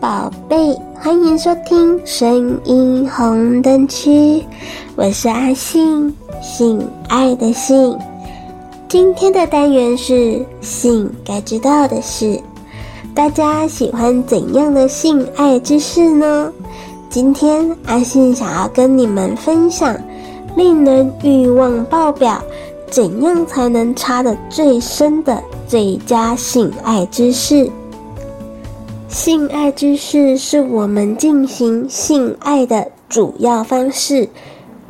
寶貝，歡迎收聽《聲音紅燈區》，我是阿信，性愛的性。今天的單元是性該知道的事。大家喜歡怎樣的性愛姿勢呢？今天阿信想要跟你們分享令人慾望爆表，怎樣才能插得最深的最佳性愛姿勢。性愛姿勢是我們進行性愛的主要方式。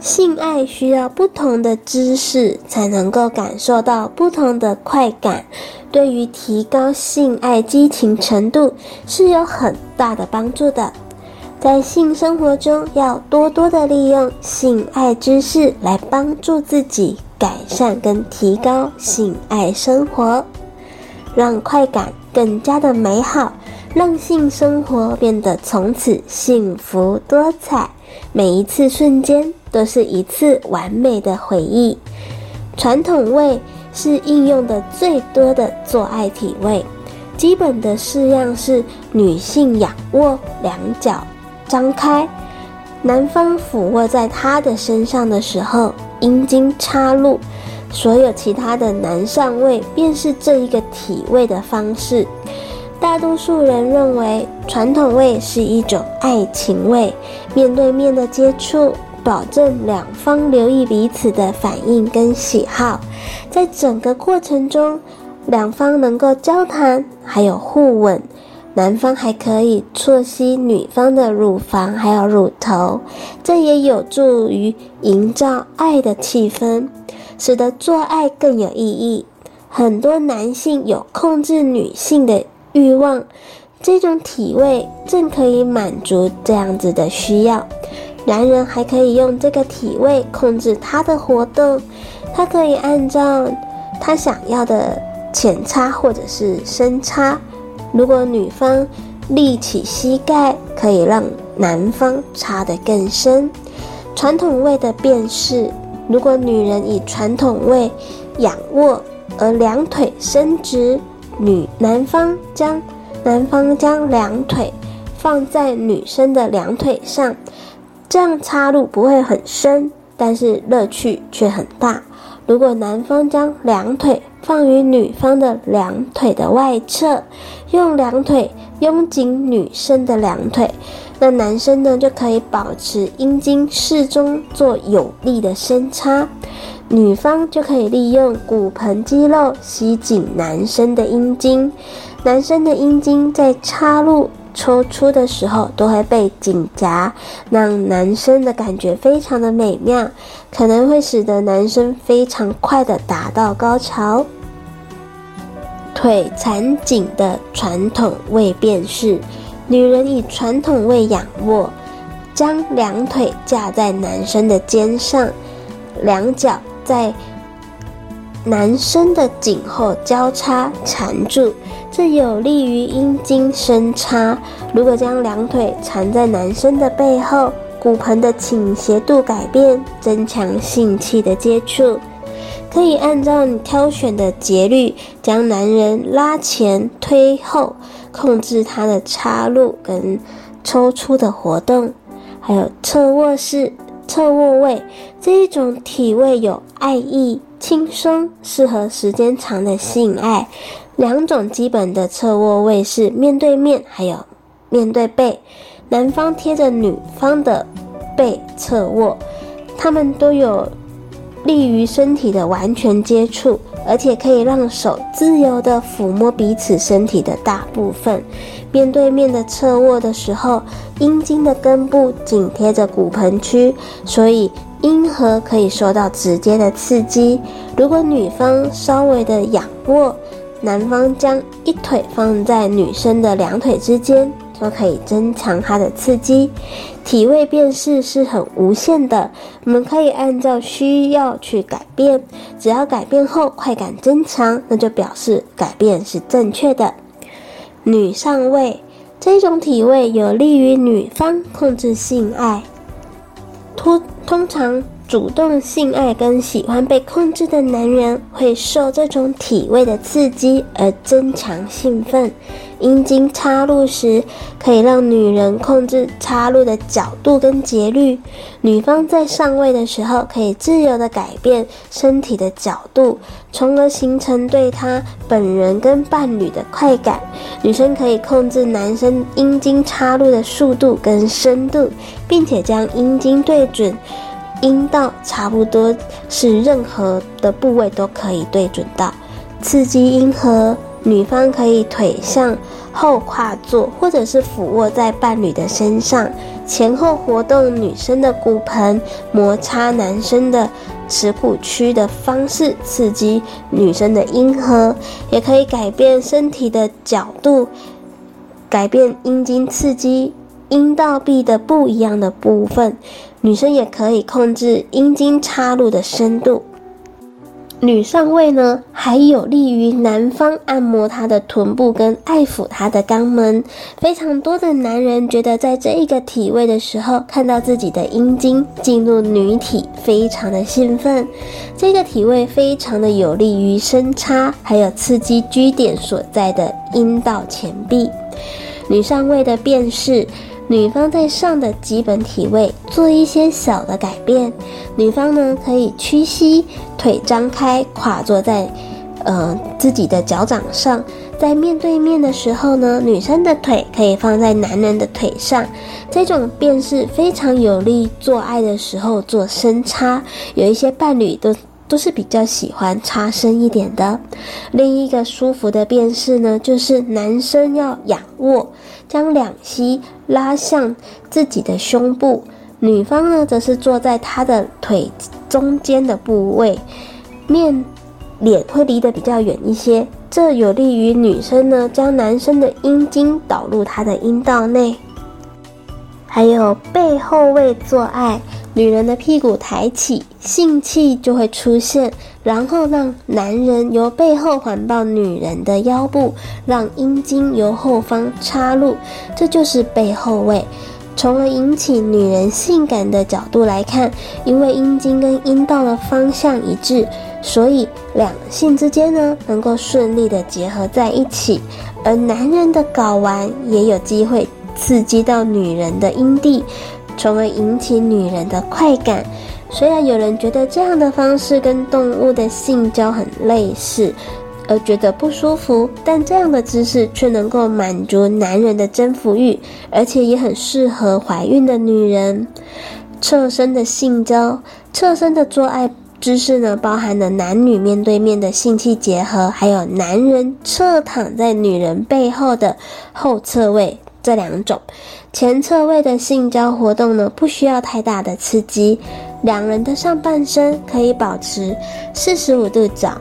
性愛需要不同的姿勢才能夠感受到不同的快感，對於提高性愛激情程度是有很大的幫助的。在性生活中，要多多的利用性愛姿勢來幫助自己改善跟提高性愛生活，讓快感更加的美好。讓性生活變得從此幸福多彩，每一次瞬間都是一次完美的回憶。傳統位是應用的最多的做愛體位，基本的式樣是女性仰臥，兩腳張開，男方俯臥在她的身上的時候，陰莖插入。所有其他的男上位便是這一個體位的方式。大多數人認為傳統味是一種愛情味，面對面的接觸保證兩方留意彼此的反應跟喜好，在整個過程中，兩方能夠交談，還有互吻，男方還可以啜吸女方的乳房還有乳頭，這也有助於營造愛的氣氛，使得做愛更有意義。很多男性有控制女性的。慾望，這種體位正可以滿足這樣子的需要。男人還可以用這個體位控制他的活動，他可以按照他想要的淺插或者是深插。如果女方立起膝蓋，可以讓男方插得更深。傳統位的變式，如果女人以傳統位仰臥，而兩腿伸直。女男方將男方將兩腿放在女生的兩腿上，這樣插入不會很深，但是樂趣卻很大。如果男方將兩腿放於女方的兩腿的外側，用兩腿擁緊女生的兩腿，那男生呢，就可以保持陰莖適中做有力的深插。女方就可以利用骨盆肌肉吸緊男生的陰莖，男生的陰莖在插入、抽出的時候都會被緊夾，讓男生的感覺非常的美妙，可能會使得男生非常快的達到高潮。腿纏緊的傳統位變式，女人以傳統位仰臥，將兩腿架在男生的肩上，兩腳，在男生的頸後交叉纏住，這有利於陰莖深插。如果將兩腿纏在男生的背後，骨盆的傾斜度改變，增強性器的接觸。可以按照你挑選的節律，將男人拉前推後，控制他的插入跟抽出的活動，還有側臥式。側臥位這一種體位有愛意、輕鬆、適合時間長的性愛。兩種基本的側臥位是面對面，還有面對背，男方貼着女方的背側臥，它們都有利於身體的完全接觸。而且可以讓手自由地撫摸彼此身體的大部分。面對面的側臥的時候，陰莖的根部緊貼着骨盆區，所以陰核可以受到直接的刺激。如果女方稍微的仰臥，男方將一腿放在女生的兩腿之間。都可以增強它的刺激，體位變式是很無限的，我們可以按照需要去改變，只要改變後快感增強，那就表示改變是正確的。女上位，這種體位有利於女方控制性愛，通通常。主動性愛跟喜歡被控制的男人會受這種體位的刺激而增強興奮。陰莖插入時可以讓女人控制插入的角度跟節律。女方在上位的時候可以自由地改變身體的角度，從而形成對她本人跟伴侶的快感。女生可以控制男生陰莖插入的速度跟深度，並且將陰莖對準。陰道差不多是任何的部位都可以對準到，刺激陰核。女方可以腿向後跨坐，或者是俯臥在伴侶的身上，前後活動女生的骨盆，摩擦男生的恥骨區的方式刺激女生的陰核，也可以改變身體的角度，改變陰莖刺激陰道壁的不一樣的部分。女生也可以控制陰莖插入的深度，女上位呢還有利於男方按摩她的臀部跟愛撫她的肛門。非常多的男人覺得在這一個體位的時候，看到自己的陰莖進入女體，非常的興奮。這個體位非常的有利於深插，還有刺激 G 點所在的陰道前壁。女上位的變式。女方在上的基本體位做一些小的改變，女方呢可以屈膝，腿張開，跨坐在，呃自己的腳掌上。在面對面的時候呢，女生的腿可以放在男人的腿上，這種變式非常有利做愛的時候做深插。有一些伴侶都。都是比較喜歡插深一點的。另一個舒服的變式呢，就是男生要仰臥，將兩膝拉向自己的胸部，女方呢則是坐在他的腿中間的部位，面臉會離得比較遠一些。這有利於女生呢將男生的陰莖導入她的陰道內。還有背後位做愛，女人的屁股抬起，性器就會出現，然後讓男人由背後環抱女人的腰部，讓陰莖由後方插入，這就是背後位，從而引起女人性感的角度來看，因為陰莖跟陰道的方向一致，所以兩性之間呢能夠順利的結合在一起，而男人的睾丸也有機會。刺激到女人的陰蒂，從而引起女人的快感。雖然有人覺得這樣的方式跟動物的性交很類似，而覺得不舒服，但這樣的姿勢卻能夠滿足男人的征服慾，而且也很適合懷孕的女人。側身的性交，側身的做愛姿勢呢，包含了男女面對面的性器結合，還有男人側躺在女人背後的後側位。這兩種前側位的性交活動呢，不需要太大的刺激，兩人的上半身可以保持四十五度角，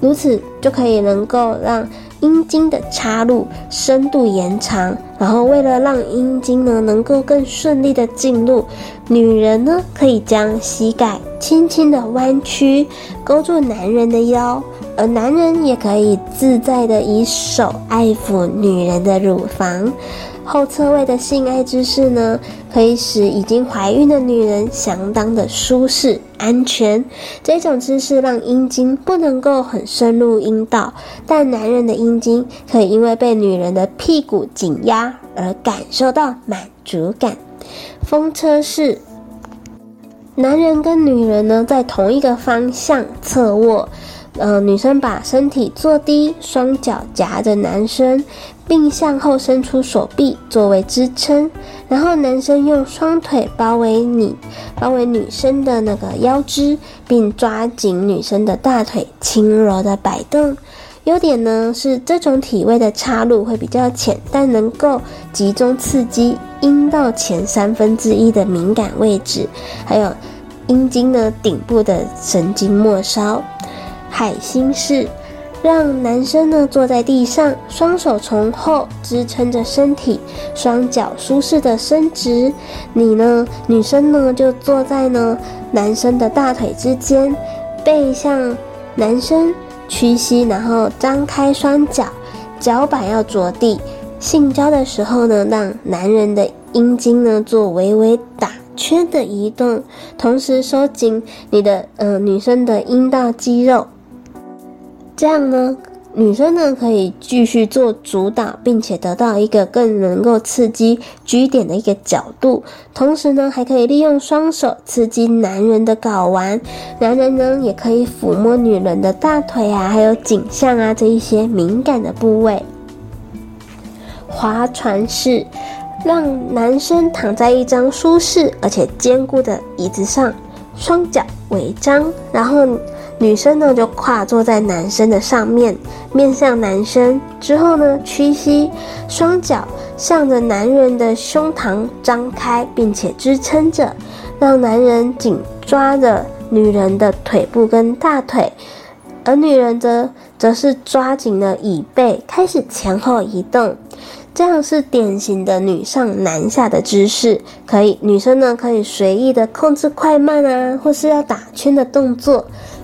如此就可以能夠讓陰莖的插入深度延長。然後，為了讓陰莖呢能夠更順利的進入，女人呢可以將膝蓋輕輕的彎曲，勾住男人的腰。而男人也可以自在的以手愛撫女人的乳房。後側位的性愛姿勢呢，可以使已經懷孕的女人相當的舒適安全。這種姿勢讓陰莖不能夠很深入陰道，但男人的陰莖可以因為被女人的屁股緊壓而感受到滿足感。風車式，男人跟女人呢在同一個方向側臥。呃，女生把身體坐低，雙腳夾着男生，並向後伸出手臂作為支撐，然後男生用雙腿包圍你，包圍女生的那個腰肢，並抓緊女生的大腿，輕柔的擺動。優點呢是這種體位的插入會比較淺，但能夠集中刺激陰道前三分之一的敏感位置，還有陰莖的頂部的神經末梢。海星式，讓男生呢坐在地上，雙手從後支撐着身體，雙腳舒適的伸直。你呢，女生呢就坐在呢男生的大腿之間，背向男生，屈膝，然後張開雙腳，腳板要着地。性交的時候呢，讓男人的陰莖呢做微微打圈的移動，同時收緊你的嗯、呃、女生的陰道肌肉。這樣呢，女生呢可以繼續做主導，並且得到一個更能夠刺激 G 點的一個角度，同時呢，還可以利用雙手刺激男人的睾丸，男人呢也可以撫摸女人的大腿啊，還有頸項啊這一些敏感的部位。划船式，讓男生躺在一張舒適而且堅固的椅子上，雙腳微張，然後。女生呢就跨坐在男生的上面，面向男生之後呢，屈膝，雙腳向着男人的胸膛張開，並且支撐着，讓男人緊抓着女人的腿部跟大腿，而女人則則是抓緊了椅背，開始前後移動。這樣是典型的女上男下的姿勢，可以，女生呢可以隨意的控制快慢啊，或是要打圈的動作。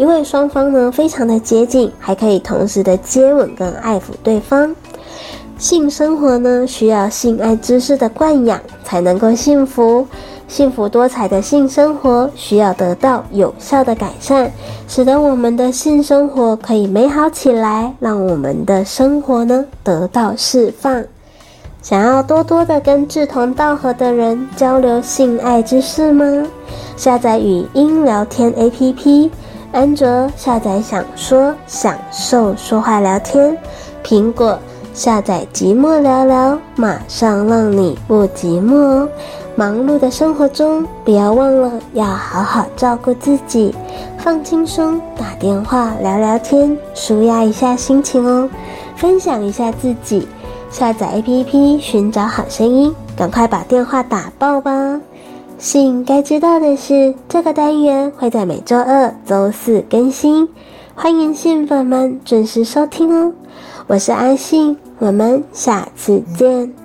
因為雙方呢非常的接近，還可以同時的接吻跟愛撫對方。性生活呢需要性愛知識的灌養才能夠幸福。幸福多彩的性生活需要得到有效的改善，使得我們的性生活可以美好起來，讓我們的生活呢得到釋放。想要多多的跟志同道合的人交流性愛知識嗎？下載語音聊天 APP。安卓下載想說享受說話聊天，蘋果下載寂寞聊聊，馬上讓你不寂寞哦。忙碌的生活中，不要忘了要好好照顧自己，放輕鬆，打電話聊聊天，舒壓一下心情哦。分享一下自己，下載 APP，尋找好聲音，趕快把電話打爆吧。性該知道的事，這個單元會在每週二、週四更新，歡迎性粉們準時收聽哦。我是阿信，我們下次見。